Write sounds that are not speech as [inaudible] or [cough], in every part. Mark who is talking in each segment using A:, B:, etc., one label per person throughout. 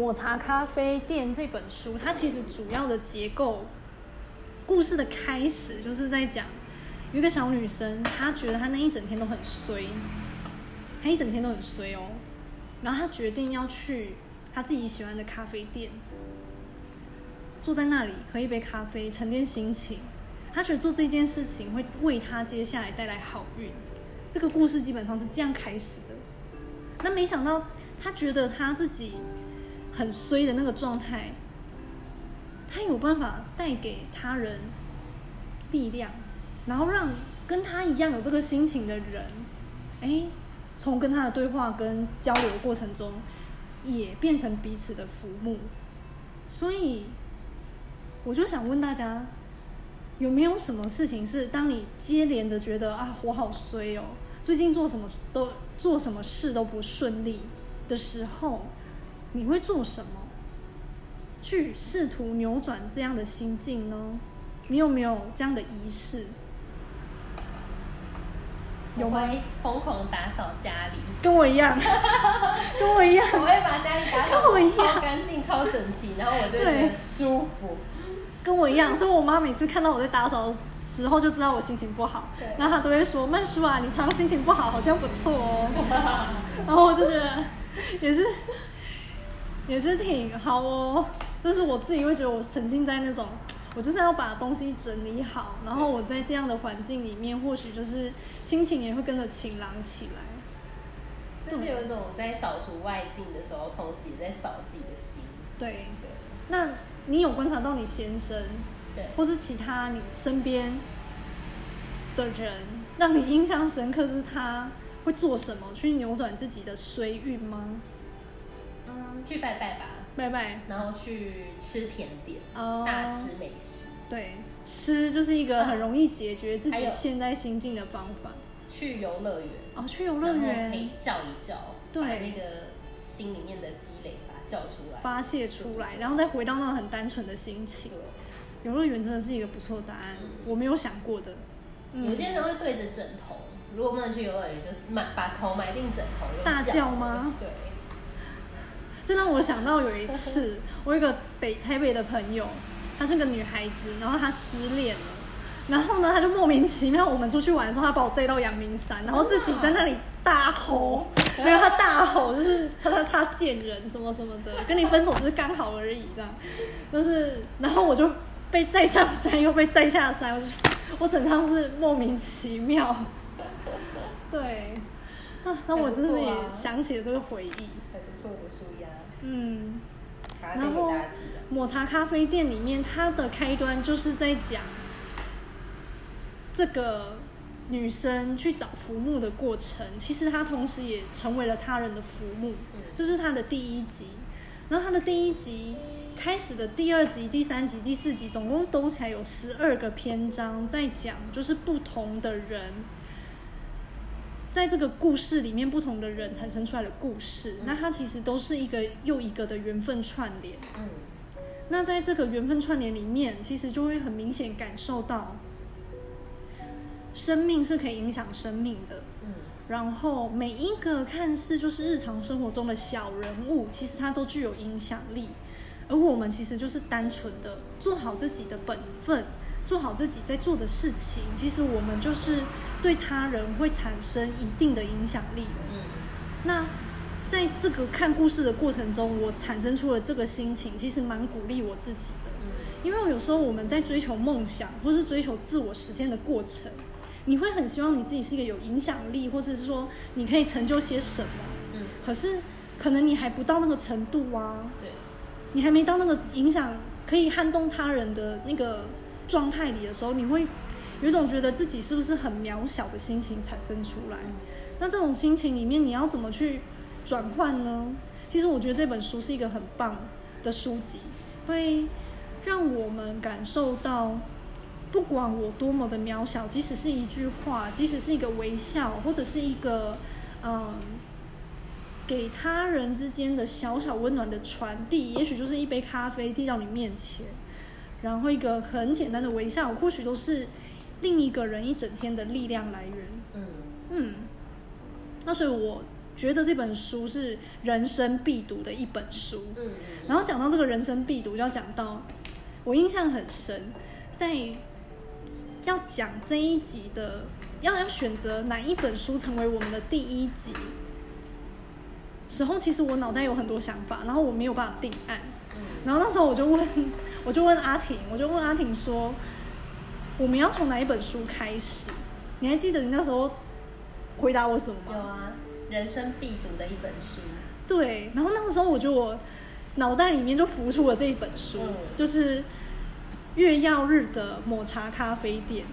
A: 抹茶咖啡店這本書，它其實主要的結構，故事的開始就是在講有一個小女生，她覺得她那一整天都很衰，她一整天都很衰哦，然後她決定要去她自己喜歡的咖啡店，坐在那裡喝一杯咖啡，沉澱心情。她覺得做這件事情會為她接下來帶來好運。這個故事基本上是這樣開始的。那沒想到，她覺得她自己。很衰的那個狀態，他有辦法帶給他人力量，然後讓跟他一樣有這個心情的人，哎，從跟他的對話跟交流過程中，也變成彼此的浮木。所以，我就想問大家，有沒有什麼事情是當你接連著覺得啊，我好衰哦，最近做什麼都做什麼事都不順利的時候？你會做什麼去試圖扭轉這樣的心境呢？你有沒有這樣的儀式？有嗎？
B: 我會瘋狂打掃家裡。
A: 跟我一樣。
B: 跟我一樣。 [laughs] 我會把家裡打掃超乾淨，超整齊，然後我就覺得對
A: 舒服。跟我一樣，所以我媽每次看到我在打掃的時候，就知道我心情不好，然後她都會說：“曼叔啊，你常常心情不好，好像不錯哦。 [laughs] ” [laughs] 然後我就覺得也是。也是挺好哦，但是就是我自己會覺得我沉浸在那種，我就是要把東西整理好，然後我在這樣的環境裡面，或許就是心情也會跟着晴朗起來，
B: 就是有一種在掃除外境的時候，同時也在掃自己的心。對。
A: 對。那你有觀察到你先生，對，或是其他你身邊的人，讓你印象深刻是他會做什麼去扭轉自己的衰運嗎？
B: 嗯，去拜拜吧，拜拜，然後去吃甜點，哦，大吃美食。
A: 對，吃就是一個很容易解決自己現
B: 在心境的方法。去遊樂園叫叫哦，去遊樂園可以叫一叫對，把那個心裡面的積累把它叫出來，發洩
A: 出來，然後再回到那種很單純的心情。遊樂園真的是一個不錯的答案，嗯，
B: 我沒有想過的。有些人會對着枕頭，嗯、如果不能去遊樂園，就把頭埋進枕頭，叫大叫嗎？對。
A: 這讓我想到有一次，我有一個北台北的朋友，她是個女孩子，然後她失戀了，然後呢，她就莫名其妙。我們出去玩的時候，她把我載到陽明山，然後自己在那裡大吼，然後她大吼就是，叉叉叉，賤人什麼什麼的，跟你分手只是剛好而已這樣。就是，然後我就被載上山，又被載下山，我就我整趟是莫名其妙。對。啊，那我真是也想起了這個回憶。不錯、啊，嗯。然後茶抹茶咖啡店裡面，它的開端就是在講這個女生去找浮木的過程。其實她同時也成為了他人的浮木，這、嗯就是她的第一集。然後她的第一集開始的第二集、第三集、第四集，總共兜起來有十二個篇章，在講就是不同的人。在這個故事裡面，不同的人產生出來的故事，那它其實都是一個又一個的緣分串聯。嗯，那在這個緣分串聯裡面，其實就會很明顯感受到，生命是可以影響生命的。嗯，然後每一個看似就是日常生活中的小人物，其實他都具有影響力，而我們其實就是單純的做好自己的本分。做好自己在做的事情，其實我們就是對他人會產生一定的影響力。嗯，那在這個看故事的過程中，我產生出了這個心情，其實蠻鼓勵我自己的。嗯，因為有時候我們在追求夢想或是追求自我實現的過程，你會很希望你自己是一個有影響力，或者是說你可以成就些什麼。嗯，可是可能你還不到那個程度啊。
B: 對。
A: 你還沒到那個影響可以撼動他人的那個。狀態裡的時候，你會有一種覺得自己是不是很渺小的心情產生出來。那這種心情裡面，你要怎麼去轉換呢？其實我覺得這本書是一個很棒的書籍，會讓我們感受到，不管我多麼的渺小，即使是一句話，即使是一個微笑，或者是一個嗯，給他人之間的小小溫暖的傳遞，也許就是一杯咖啡遞到你面前。然後一個很簡單的微笑，或許都是另一個人一整天的力量來源。嗯嗯。那所以我覺得這本書是人生必讀的一本書。嗯，然後講到這個人生必讀，就要講到我印象很深，在要講這一集的，要要選擇哪一本書成為我們的第一集時候，其實我腦袋有很多想法，然後我沒有辦法定案。嗯。然後那時候我就問。我就問阿婷，我就問阿婷說，我們要從哪一本書開始？你還記得你那時候回答我什麼嗎？有啊，
B: 人生必讀的一本書。
A: 對，然後那個時候我就我腦袋裡面就浮出了這一本書，嗯，就是《月曜日的抹茶咖啡店》。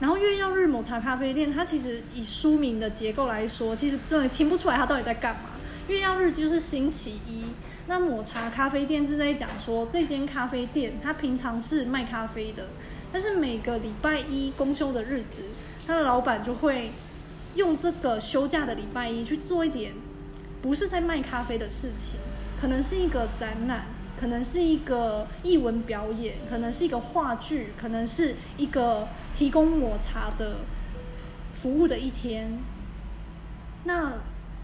A: 然後《月曜日抹茶咖啡店》，它其實以書名的結構來說，其實真的聽不出來它到底在幹嘛。月曜日就是星期一。那抹茶咖啡店是在講說，這間咖啡店它平常是賣咖啡的，但是每個禮拜一公休的日子，它的老闆就會用這個休假的禮拜一去做一點不是在賣咖啡的事情，可能是一個展覽，可能是一個藝文表演，可能是一個話劇，可能是一個提供抹茶的服務的一天。那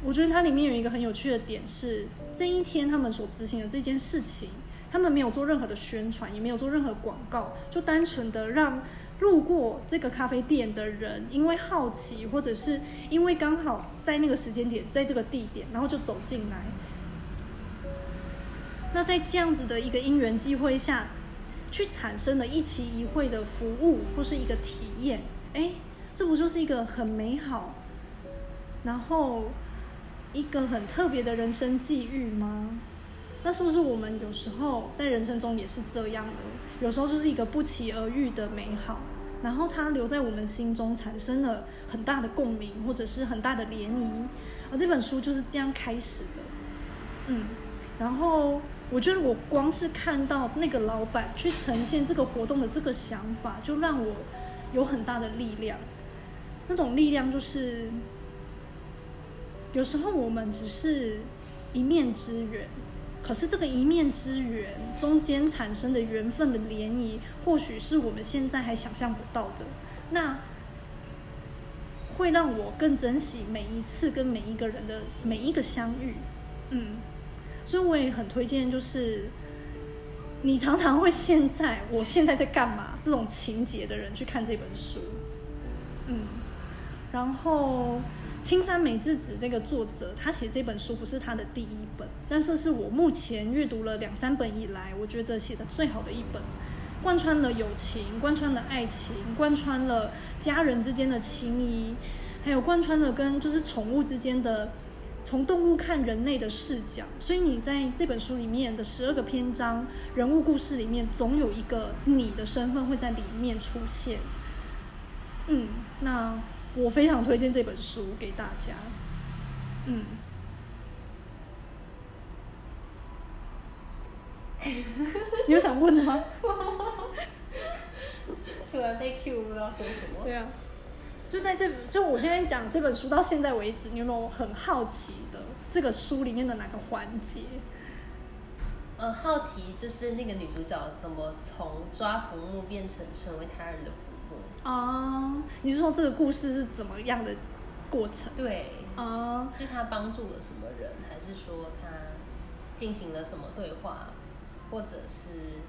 A: 我覺得它裡面有一個很有趣的點是，這一天他們所執行的這件事情，他們沒有做任何的宣傳，也沒有做任何廣告，就單純的讓路過這個咖啡店的人，因為好奇或者是因為剛好在那個時間點，在這個地點，然後就走進來。那在這樣子的一個因緣機會下，去產生了一期一會的服務或是一個體驗，哎、欸，這不就是一個很美好，然後。一個很特別的人生際遇嗎？那是不是我們有時候在人生中也是這樣的？有時候就是一個不期而遇的美好，然後它留在我們心中產生了很大的共鳴，或者是很大的漣漪。而這本書就是這樣開始的，嗯。然後我覺得我光是看到那個老板去呈現這個活動的這個想法，就讓我有很大的力量。那種力量就是。有時候我們只是一面之緣，可是這個一面之緣中間產生的緣分的漣漪，或許是我們現在還想象不到的。那會讓我更珍惜每一次跟每一個人的每一個相遇，嗯。所以我也很推薦，就是你常常會現在我現在在幹嘛這種情節的人去看這本書，嗯，然後。青山美智子這個作者，他寫這本書不是他的第一本，但是是我目前閱讀了兩三本以來，我覺得寫得最好的一本，貫穿了友情，貫穿了愛情，貫穿了家人之間的情誼，還有貫穿了跟就是寵物之間的從動物看人類的視角。所以你在這本書裡面的十二個篇章人物故事裡面，總有一個你的身份會在裡面出現。嗯，那。我非常推薦這本書給大家，嗯， [laughs] 你有想問的嗎？ [laughs] 突然被 Q，不
B: 知道說
A: 什麼。對啊，就在這，就我現在講這本書到現在為止，你有沒有很
B: 好奇的這個書裡面的哪個環節？呃，好奇就是那個女主角怎麼從抓浮木變成成為他人的浮木。
A: 啊，你是說這個故事是怎麼樣的過程？對，
B: 啊，是他幫助了什麼人，還是說他進行了什麼對話，或者是？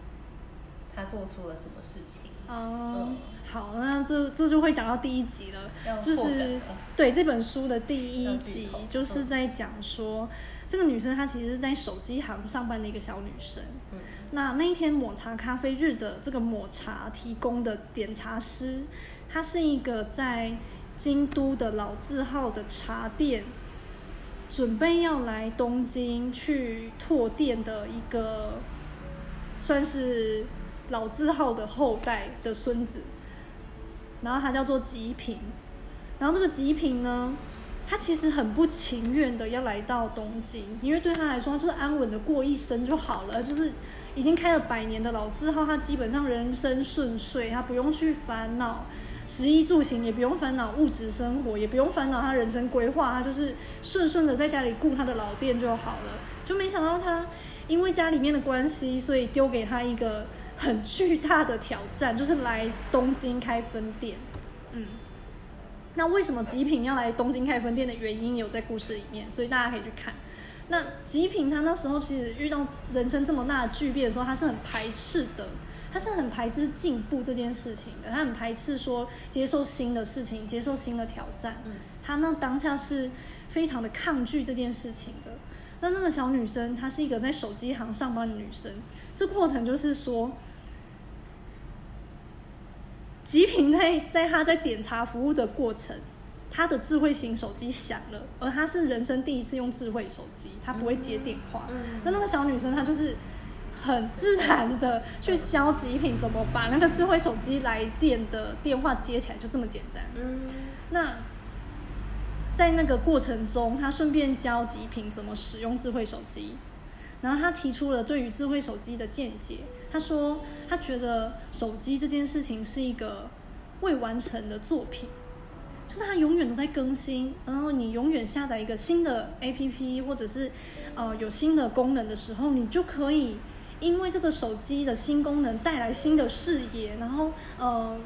B: 他
A: 做出了什麼事情？哦、oh，嗯，好，那這這就，就會講到第一集了，
B: 了就是
A: 對這本書的第一集就，就是在講說、嗯、這個女生她其實是在手機行上班的一個小女生。對、嗯。那那一天抹茶咖啡日的這個抹茶提供的點茶師，她是一個在京都的老字號的茶店，準備要來東京去拓店的一個，算是。老字號的後代的孫子，然後他叫做吉平，然後這個吉平呢，他其實很不情願的要來到東京，因為對他來說，他就是安穩的過一生就好了，就是已經開了百年的老字號，他基本上人生順遂，他不用去煩惱食衣住行，也不用煩惱物質生活，也不用煩惱他人生規劃，他就是順順的在家裡顧他的老店就好了。就沒想到他因為家裡面的關係，所以丟給他一個。很巨大的挑戰，就是來東京開分店。嗯，那為什麼吉平要來東京開分店的原因有在故事裡面，所以大家可以去看。那吉平他那時候其實遇到人生這麼大的巨變的時候，他是很排斥的，他是很排斥進步這件事情的，他很排斥說接受新的事情，接受新的挑戰。嗯，他那當下是非常的抗拒這件事情的。那那個小女生，她是一個在手機行上班的女生。這過程就是說，極品在在他在點茶服務的過程，他的智慧型手機響了，而他是人生第一次用智慧手機，他不會接電話。嗯嗯。那那個小女生，她就是很自然的去教極品怎麼把那個智慧手機來電的電話接起來，就這麼簡單。嗯，嗯那。在那個過程中，他順便教吉平怎麼使用智慧手機，然後他提出了對於智慧手機的見解。他說，他覺得手機這件事情是一個未完成的作品，就是它永遠都在更新，然後你永遠下載一個新的 APP 或者是呃有新的功能的時候，你就可以因為這個手機的新功能帶來新的視野，然後呃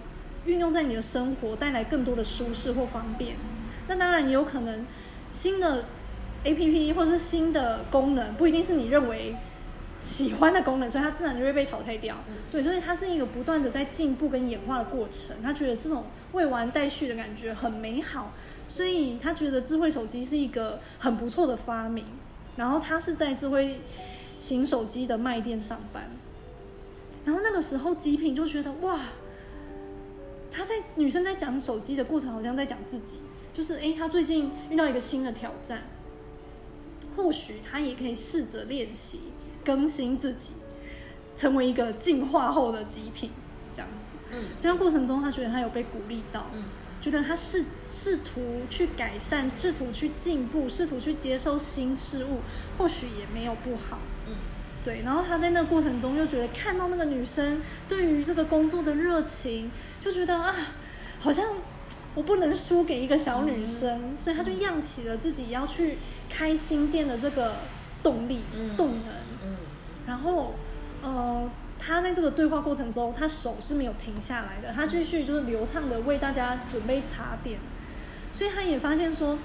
A: 運用在你的生活，帶來更多的舒適或方便。那當然也有可能，新的 A P P 或是新的功能，不一定是你認為喜歡的功能，所以它自然就會被淘汰掉。嗯、對，所以它是一個不斷的在進步跟演化的過程。他覺得這種未完待續的感覺很美好，所以他覺得智慧手機是一個很不錯的發明。然後他是在智慧型手機的賣店上班，然後那個時候極品就覺得哇，他在女生在講手機的過程，好像在講自己。就是哎，他最近遇到一個新的挑戰，或許他也可以試着練習更新自己，成為一個進化後的極品這樣子。嗯，這樣過程中他覺得他有被鼓勵到，嗯，覺得他試試圖去改善，試圖去進步，試圖去接受新事物，或許也沒有不好。嗯，對，然後他在那個過程中又覺得看到那個女生對於這個工作的熱情，就覺得啊，好像。我不能輸給一個小女生，嗯、所以她就漾起了自己要去開新店的這個動力、動能。嗯嗯、然後，呃，她在這個對話過程中，她手是沒有停下來的，她繼續就是流暢的為大家準備茶點。所以她也發現說，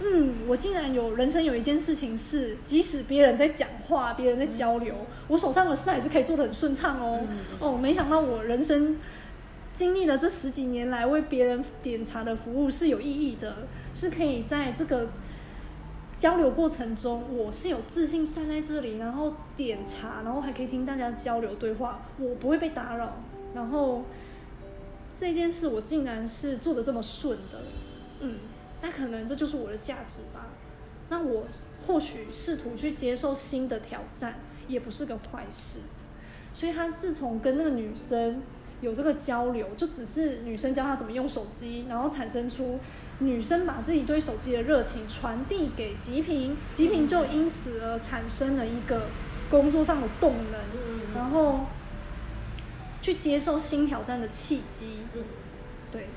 A: 嗯，我竟然有人生有一件事情是，即使別人在講話、別人在交流，嗯、我手上的事還是可以做得很順暢哦、嗯。哦，沒想到我人生。經歷了這十幾年來為別人點茶的服務是有意義的，是可以在這個交流過程中，我是有自信站在這裡，然後點茶，然後還可以聽大家交流對話，我不會被打擾，然後這件事我竟然是做得這麼順的，嗯，那可能這就是我的價值吧。那我或許試圖去接受新的挑戰，也不是個壞事。所以他自從跟那個女生。有這個交流，就只是女生教她怎麼用手機，然後產生出女生把自己對手機的熱情傳遞給吉平，吉平就因此而產生了一個工作上的動能，嗯，然後去接受新挑戰的契機。嗯，對，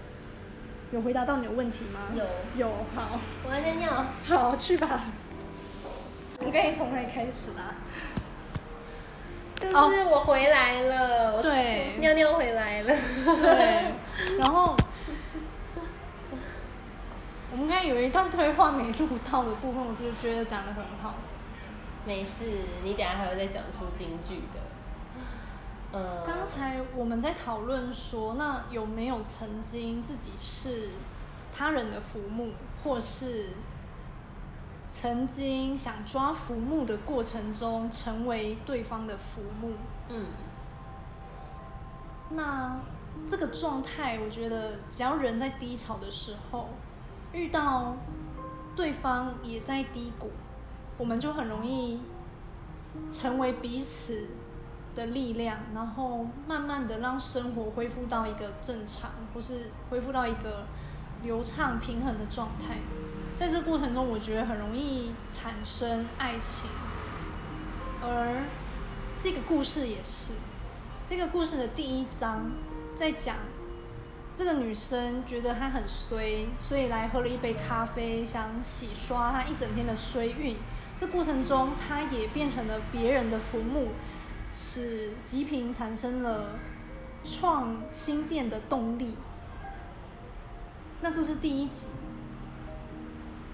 A: 有回答到你的問題嗎？有，有好，我還在尿，好去吧，我們可以從哪裡開始啊？就是我回來了，哦、對，尿尿回來了。 [laughs] 對。然後， [laughs] 我們剛才有一段對話沒錄到的部
B: 分，我就覺得講得很好。沒事，你等下還會再講出金句的。呃，剛才
A: 我們在討論說，那有沒有曾經自己是他人的父母，或是？曾經想抓浮木的過程中，成為對方的浮木。嗯，那這個狀態，我覺得只要人在低潮的時候，遇到對方也在低谷，我們就很容易成為彼此的力量，然後慢慢的讓生活恢復到一個正常，或是恢復到一個流暢平衡的狀態。在這過程中，我覺得很容易產生愛情。而這個故事也是，這個故事的第一章在講這個女生覺得她很衰，所以來喝了一杯咖啡，想洗刷她一整天的衰運。這過程中，她也變成了別人的浮木，使吉平產生了創新店的動力。那這是第一集。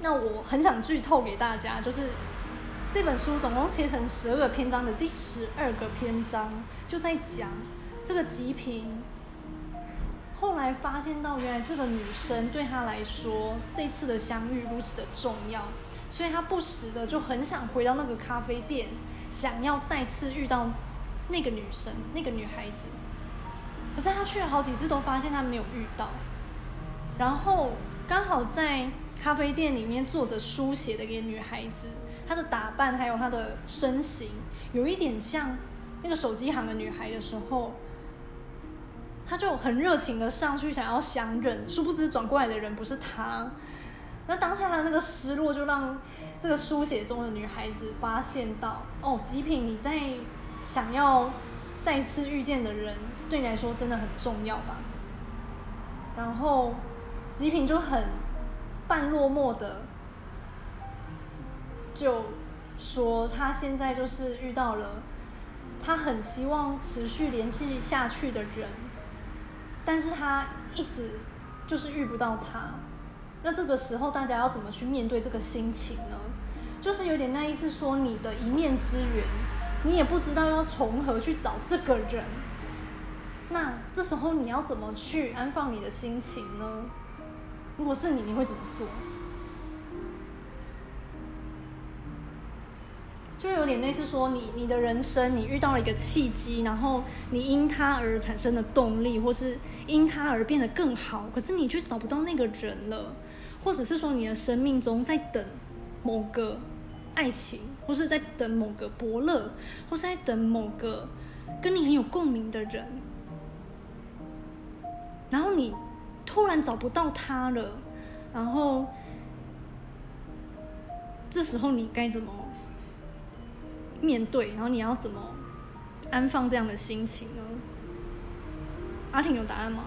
A: 那我很想劇透給大家，就是這本書總共切成十二個篇章的第十二個篇章，就在講這個吉平後來發現到原來這個女生對他來說，這次的相遇如此的重要，所以他不時的就很想回到那個咖啡店，想要再次遇到那個女生、那個女孩子。可是他去了好幾次都發現他沒有遇到，然後剛好在。咖啡店裡面坐着書寫的一個女孩子，她的打扮還有她的身形，有一點像那個手機行的女孩的時候，她就很熱情的上去想要相認，殊不知轉過來的人不是她。那當下她的那個失落，就讓這個書寫中的女孩子發現到，哦，極品你在想要再次遇見的人，對你來說真的很重要吧？然後，極品就很。半落寞的，就說他現在就是遇到了他很希望持續聯繫下去的人，但是他一直就是遇不到他。那這個時候大家要怎麼去面對這個心情呢？就是有點那意思，說你的一面之緣，你也不知道要從何去找這個人。那這時候你要怎麼去安放你的心情呢？如果是你，你會怎麼做？就有點類似說你，你你的人生，你遇到了一個契機，然後你因它而產生的動力，或是因它而變得更好，可是你卻找不到那個人了，或者是說你的生命中在等某個愛情，或是在等某個伯樂，或是在等某個跟你很有共鳴的人，然後你。突然找不到他了，然後這時候你該怎麼面對？然後你要怎麼安放這樣的心情呢？阿婷有答案嗎？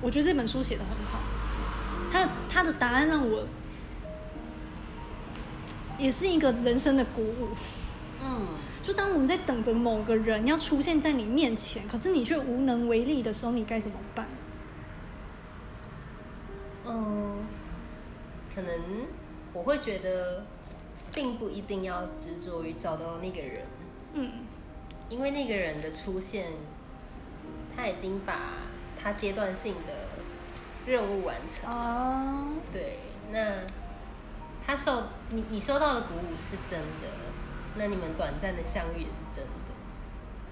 A: 我覺得這本書寫得很好，他的他的答案讓我也是一個人生的鼓舞。嗯，就當我們在等着某個人要出現在你面前，可是你卻無能為力的時候，你該怎麼辦？
B: 嗯，可能我會覺得，並不一定要執着於找到那個人。嗯，因為那個人的出現，嗯，他已經把他階段性的任務完成。哦，對，那他受你，你收到的鼓舞是真的，那你們短暫的相遇也是真的，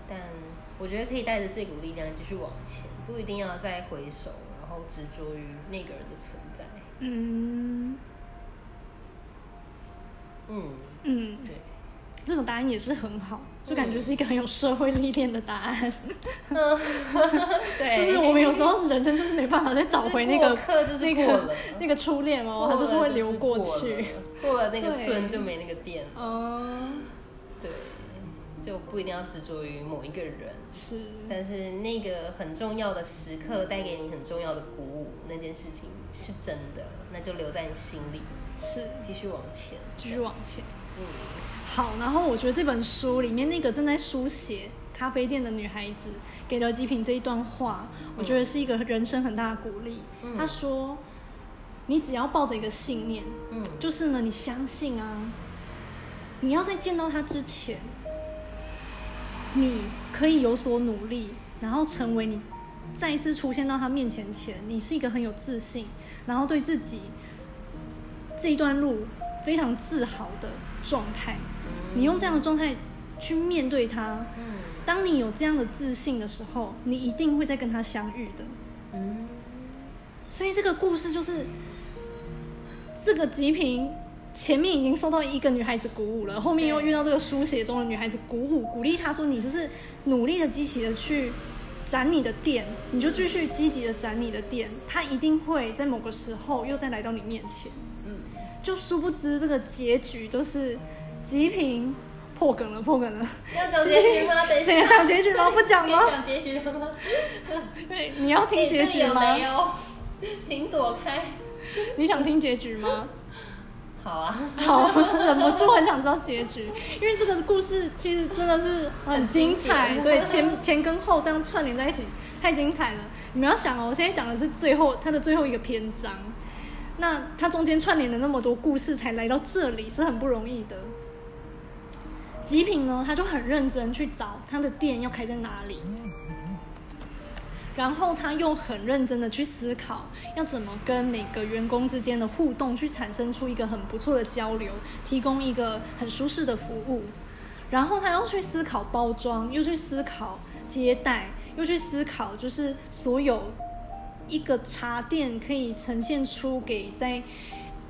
B: 但我覺得可以帶着這股力量繼續往前。不一定要再回首，然後執
A: 着於那
B: 個人的存在。
A: 嗯嗯嗯，對嗯，這種答案也是很好，就感覺是一個很有社會歷練的答案。嗯，
B: 對， [laughs] 就是我們有時候
A: 人生就是沒辦法再找回那個是就是那個那個初戀哦，它就是會流過去，過了，過了，
B: 過了那個村就沒那個店。哦，對。嗯嗯對。就不一定要執着於某一個人，是，但是那個很重要的時刻帶給你很重要的鼓舞，嗯，那件事情是真的，那就留在你心裡，是，繼續往前，繼續往前，嗯，
A: 好，然後我覺得這本書裡面那個正在書寫咖啡店的女孩子給了吉平這一段話，嗯，我覺得是一個人生很大的鼓勵，嗯，她說，你只要抱着一個信念，嗯，就是呢，你相信啊，你要在見到她之前。你可以有所努力，然後成為你再一次出現到他面前前，你是一個很有自信，然後對自己這一段路非常自豪的狀態。你用這樣的狀態去面對他。當你有這樣的自信的時候，你一定會再跟他相遇的。嗯，所以這個故事就是這個極品。前面已經受到一個女孩子鼓舞了，後面又遇到這個書寫中的女孩子鼓舞鼓勵她說，你就是努力的積極的去展你的店，嗯，你就繼續積極的展你的店，她一定會在某個時候又再來到你面前。嗯，就殊不知這個結局都是極品，破梗了破梗了。梗了，要講結局嗎？等一下誰要講結局嗎？不講嗎？講
B: 結局嗎？ [laughs] 你要聽結局嗎？有沒有請躲開。
A: [laughs] 你想聽結局嗎？好啊，好，忍不住很想知道結局，因為這個故事其實真的是很精彩，對，前前跟後這樣串聯在一起，太精彩了。你們要想哦，我現在講的是最後它的最後一個篇章，那它中間串聯了那麼多故事才來到這裡，是很不容易的。吉平呢，他就很認真去找他的店要開在哪裡。然後他又很認真的去思考，要怎麼跟每個員工之間的互動，去產生出一個很不錯的交流，提供一個很舒適的服務。然後他又去思考包裝，又去思考接待，又去思考，就是所有一個茶店可以呈現出給在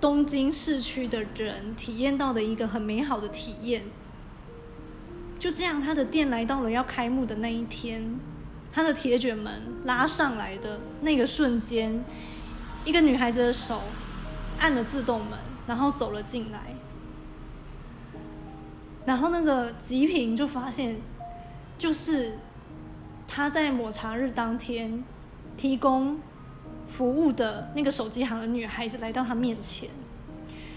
A: 東京市區的人體驗到的一個很美好的體驗。就這樣，他的店來到了要開幕的那一天。他的鐵捲門拉上來的那個瞬間，一個女孩子的手按了自動門，然後走了進來。然後那個吉平就發現，就是他在抹茶日當天提供服務的那個手機行的女孩子來到他面前，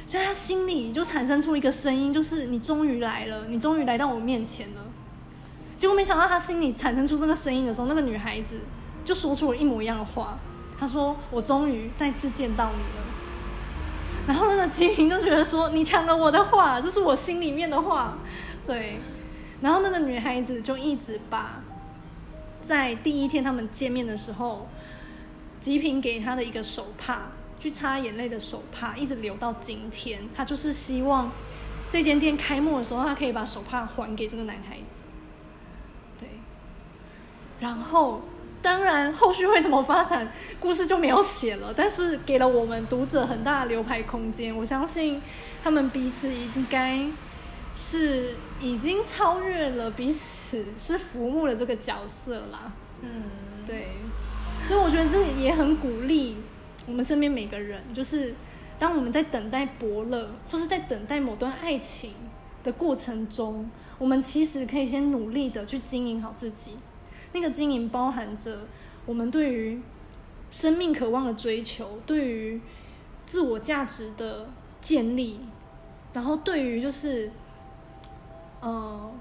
A: 所以他心裡就產生出一個聲音，就是你終於來了，你終於來到我面前了。結果沒想到，他心裡產生出這個聲音的時候，那個女孩子就說出了一模一樣的話。她說：“我終於再次見到你了。”然後那個吉平就覺得說：“你搶了我的話，這是我心裡面的話。”對。然後那個女孩子就一直把在第一天他們見面的時候，吉平給她的一個手帕，去擦眼淚的手帕，一直留到今天。她就是希望這間店開幕的時候，她可以把手帕還給這個男孩子。然後，當然後續會怎麼發展，故事就沒有寫了，但是給了我們讀者很大的留白空間。我相信他們彼此應該是已經超越了彼此，是服務了這個角色啦。嗯，對。所以我覺得這也很鼓勵我們身邊每個人，就是當我們在等待伯樂，或是在等待某段愛情的過程中，我們其實可以先努力的去經營好自己。那個經營包含着我們對於生命渴望的追求，對於自我價值的建立，然後對於就是，呃，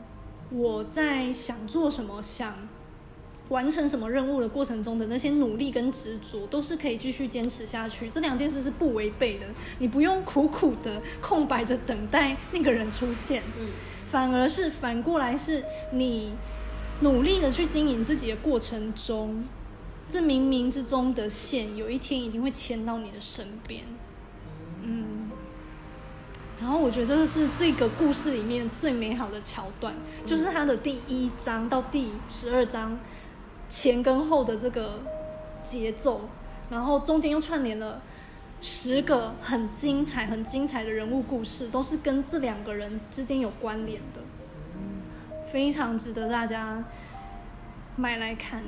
A: 我在想做什麼，想完成什麼任務的過程中的那些努力跟執着，都是可以繼續堅持下去。這兩件事是不違背的，你不用苦苦的空白着等待那個人出現，反而是反過來是你。努力的去經營自己的過程中，這冥冥之中的線有一天一定會牽到你的身邊。嗯，然後我覺得真的是這個故事裡面最美好的橋段，嗯，就是它的第一章到第十二章前跟後的這個節奏，然後中間又串聯了十個很精彩、很精彩的人物故事，都是跟這兩個人之間有關聯的。非常值得大家買來看，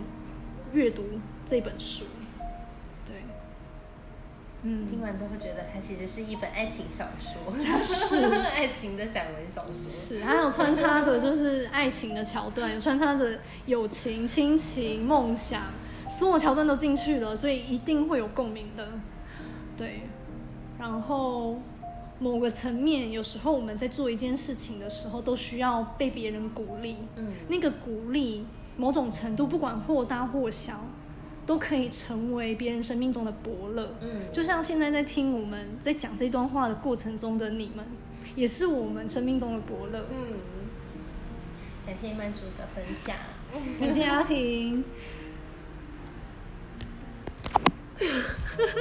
A: 閱讀這本書。
B: 對，嗯，聽完之後覺得它其實是一本愛情小說，是 [laughs] 愛情的散文小說，是，還有穿插着就是
A: 愛情的橋段， [laughs] 有穿插着友情、親情、夢想，所有橋段都進去了，所以一定會有共鳴的。對，然後。某個層面，有時候我們在做一件事情的時候，都需要被別人鼓勵。嗯，那個鼓勵，某種程度，不管或大或小，都可以成為別人生命中的伯
B: 樂。嗯，就
A: 像現在在聽我們在講這段話的過程中的你們，也是我們生命中的伯樂。嗯，
B: 感謝曼叔的分享，感謝阿婷。 [laughs] [laughs]